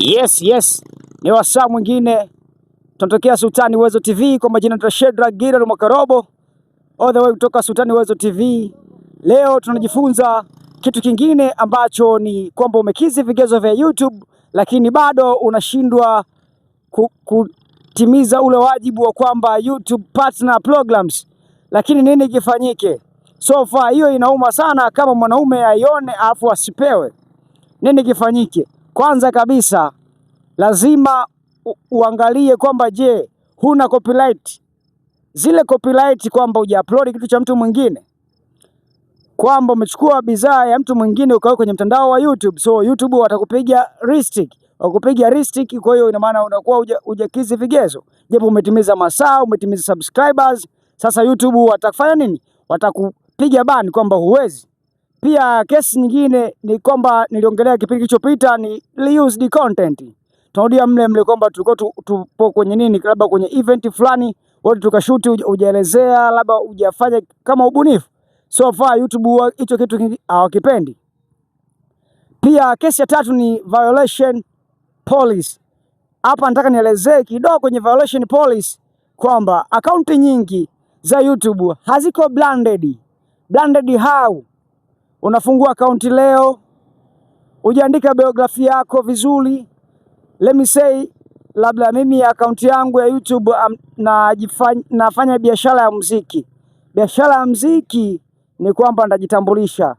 Yes, yes. Ni wasaa mwingine tunatokea Sultani Wezo TV kwa majina ya Shedra Gira Mwakarobo all the way kutoka Sultani Wezo TV. Leo tunajifunza kitu kingine ambacho ni kwamba umekizi vigezo vya YouTube lakini bado unashindwa kutimiza ule wajibu wa kwamba YouTube partner programs, lakini nini kifanyike? So far hiyo inauma sana, kama mwanaume aione afu asipewe, nini kifanyike? Kwanza kabisa lazima uangalie kwamba je, huna copyright. Zile copyright kwamba hujaupload kitu cha mtu mwingine, kwamba umechukua bidhaa ya mtu mwingine ukaweka kwenye mtandao wa YouTube, so YouTube watakupiga restrict, wakupiga restrict. Kwa hiyo ina maana unakuwa hujakizi vigezo, japo umetimiza masaa, umetimiza subscribers. Sasa YouTube watakufanya nini? Watakupiga ban kwamba huwezi pia kesi nyingine ni kwamba niliongelea kipindi kilichopita ni reused content. Tunarudia mle mle kwamba tulikuwa tupo kwenye nini, labda kwenye event fulani, wote tukashuti, ujaelezea labda ujafanya kama ubunifu. So far YouTube hicho kitu hawakipendi. Pia kesi ya tatu ni violation policy. Hapa nataka nielezee kidogo kwenye violation policy kwamba akaunti nyingi za YouTube haziko branded. Branded how? Unafungua akaunti leo, ujaandika biografia yako vizuri. Let me say, labda mimi akaunti yangu ya YouTube um, na jifanya, nafanya biashara ya muziki. Biashara ya muziki ni kwamba ndajitambulisha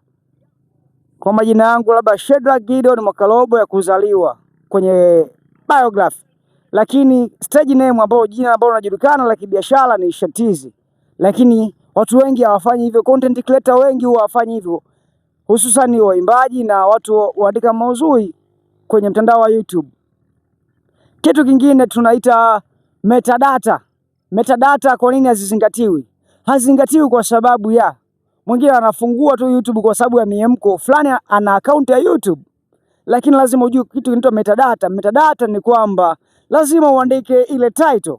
kwa majina yangu labda Shedrack Gideon Mwakalobo ya kuzaliwa kwenye biography, lakini stage name ambayo jina ambalo unajulikana la kibiashara ni Shatizi, lakini watu wengi hawafanyi hivyo. Content creator wengi huwa hawafanyi hivyo, hususani waimbaji na watu huandika mauzui kwenye mtandao wa YouTube. Kitu kingine tunaita metadata. Metadata kwa nini hazizingatiwi? Hazizingatiwi kwa sababu ya mwingine anafungua tu YouTube kwa sababu ya miemko fulani, ana akaunti ya YouTube, lakini lazima ujue kitu kinaitwa metadata. Metadata ni kwamba lazima uandike ile title.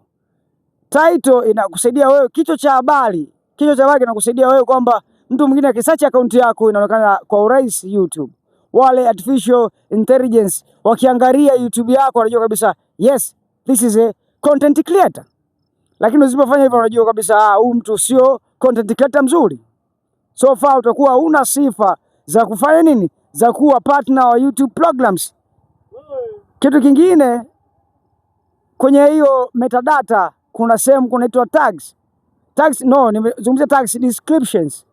Title inakusaidia wewe, kichwa cha habari. Kichwa cha habari kinakusaidia wewe kwamba Mtu mwingine akisearch akaunti yako inaonekana kwa urahisi YouTube. Wale artificial intelligence wakiangalia YouTube yako wanajua kabisa yes, this is a content creator. Lakini usipofanya hivyo unajua kabisa ah, huu mtu sio content creator mzuri. So far utakuwa una sifa za kufanya nini? Za kuwa partner wa YouTube programs. Kitu kingine kwenye hiyo metadata kuna sehemu kunaitwa tags. Tags no, nimezungumzia tags descriptions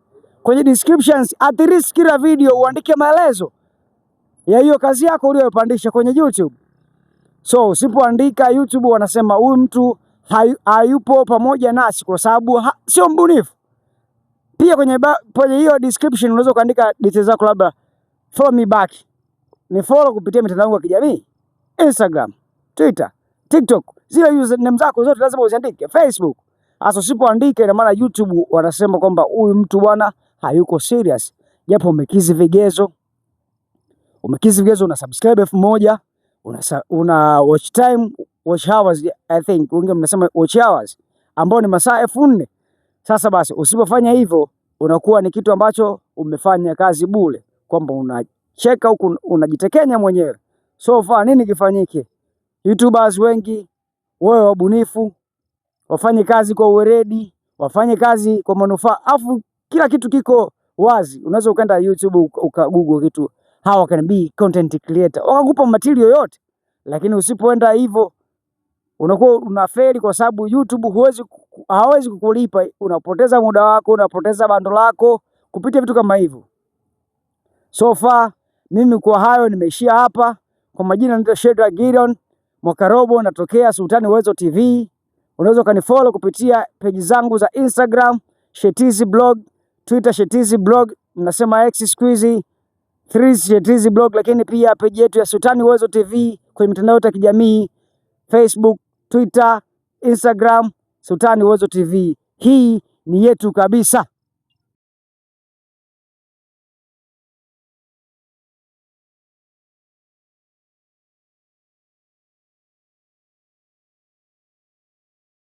kwenye descriptions at least kila video uandike maelezo ya hiyo kazi yako uliyopandisha kwenye YouTube. So usipoandika YouTube wanasema huyu mtu hayupo pamoja nasi kwa sababu sio mbunifu. Pia kwenye kwenye hiyo description unaweza kuandika details zako, labda follow me back, ni follow kupitia mitandao yangu ya kijamii Instagram, Twitter, TikTok, zile username zako zote lazima uziandike, Facebook. Hasa usipoandika, ina maana YouTube wanasema kwamba huyu mtu bwana hayuko serious, japo umekizi vigezo, umekizi vigezo, una subscribe elfu moja una, una watch time, watch hours, I think wengine mnasema watch hours ambao ni masaa elfu nne. Sasa basi usipofanya hivyo unakuwa ni kitu ambacho umefanya kazi bure, kwamba unacheka huku unajitekenya mwenyewe. So far nini kifanyike? YouTubers wengi wewe wabunifu, wafanye kazi kwa uweredi, wafanye kazi kwa manufaa, afu kila kitu kiko wazi. Unaweza ukaenda YouTube ukagoogle kitu how can be content creator, wakakupa matili yote, lakini usipoenda hivyo unakuwa unafeli, kwa sababu YouTube huwezi hawezi kukulipa. Unapoteza muda wako, unapoteza bando lako kupitia vitu kama hivyo. So far mimi kwa hayo nimeishia hapa. Kwa majina naitwa Shedrack Gideon Mwakarobo, natokea Sultani Uwezo TV. Unaweza ukanifollow kupitia peji zangu za Instagram Shetizi blog Twitter Shetizi blog, mnasema X siku hizi Shetizi blog, lakini pia peji yetu ya Sultani Uwezo TV kwenye mitandao yote ya kijamii Facebook, Twitter, Instagram, Sultani Uwezo TV. Hii ni yetu kabisa.